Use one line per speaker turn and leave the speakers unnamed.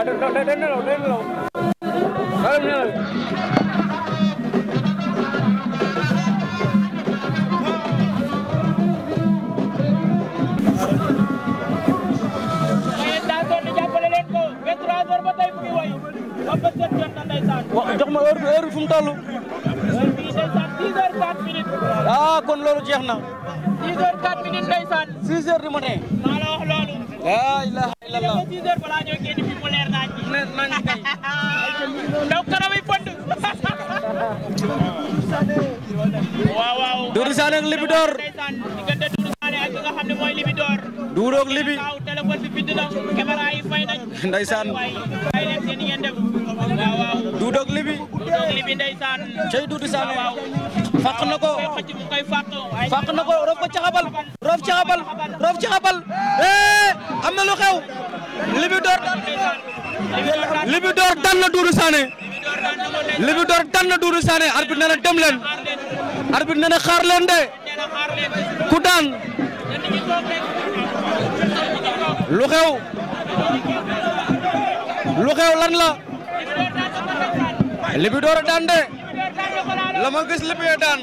jox ma heure heure fu mu toll. heure bii ndeysaan 6 kon loolu jeex na. 6 heures 4 minutes ndeysaan. 6 loolu. la ilaha illallah. 6 heures balaa ñoo génn fi mu leer maa ngi tey ndaw kanam yi bënd. waaw nga xam ne mooy Libi. waaw téléphone Libi. Doudou ak Libi ndeysaan. cey Doudou Sané. waaw fàq ko. fàq na ko roof ko caxabal. roof caxabal roof caxabal. am na lu xew. Libidor daan na Doudou Sané Libidor daan na Doudou Sané arbitre nee na dem leen arbitre nee na de ku daan lu xew lan la Libidor daan de la ma gis Libidor daan